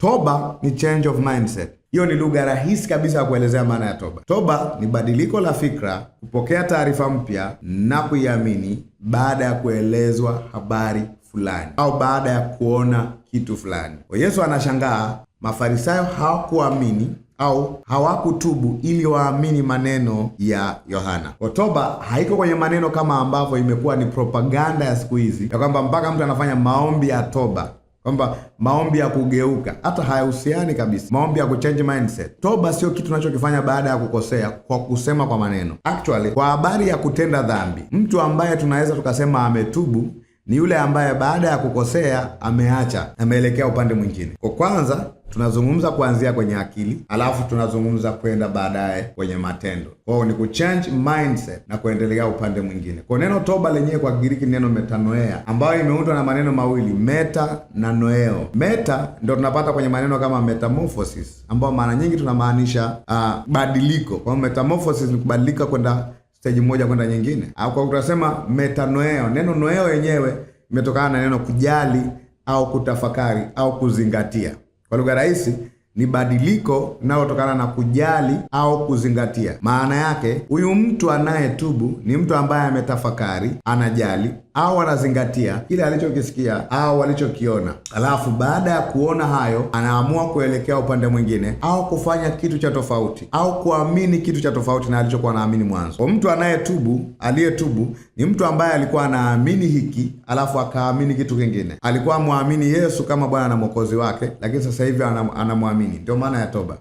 Toba ni change of mindset. Hiyo ni lugha rahisi kabisa ya kuelezea maana ya toba. Toba ni badiliko la fikra, kupokea taarifa mpya na kuiamini baada ya kuelezwa habari fulani au baada ya kuona kitu fulani. Kwa Yesu anashangaa Mafarisayo hawakuamini au hawakutubu ili waamini maneno ya Yohana. Toba haiko kwenye maneno kama ambavyo imekuwa ni propaganda ya siku hizi ya kwamba mpaka mtu anafanya maombi ya toba kwamba maombi ya kugeuka hata hayahusiani kabisa, maombi ya kuchange mindset. Toba sio kitu tunachokifanya baada ya kukosea kwa kusema kwa maneno. Actually, kwa habari ya kutenda dhambi, mtu ambaye tunaweza tukasema ametubu ni yule ambaye baada ya kukosea ameacha, ameelekea upande mwingine. Kwa kwanza Tunazungumza kuanzia kwenye akili, alafu tunazungumza kwenda baadaye kwenye matendo. Kwao ni kuchange mindset na kuendelea upande mwingine. Kwa neno toba lenyewe kwa Kigiriki neno metanoea, ambayo imeundwa na maneno mawili meta na noeo. Meta ndo tunapata kwenye maneno kama metamorphosis, ambayo mara nyingi tunamaanisha uh, badiliko. Kwa metamorphosis ni kubadilika kwenda steji moja kwenda nyingine, au ah, kwa tunasema metanoeo. Neno noeo yenyewe imetokana na neno kujali au kutafakari au kuzingatia. qual o lugar é ni badiliko linalotokana na kujali au kuzingatia. Maana yake huyu mtu anayetubu ni mtu ambaye ametafakari, anajali au anazingatia kile alichokisikia au alichokiona, alafu baada ya kuona hayo anaamua kuelekea upande mwingine au kufanya kitu cha tofauti au kuamini kitu cha tofauti na alichokuwa anaamini mwanzo. Kwa mtu anayetubu, aliyetubu ni mtu ambaye alikuwa anaamini hiki, alafu akaamini kitu kingine. Alikuwa amwamini Yesu kama Bwana na Mwokozi wake, lakini sasa hivi anamwamini mini, domā nē, toba.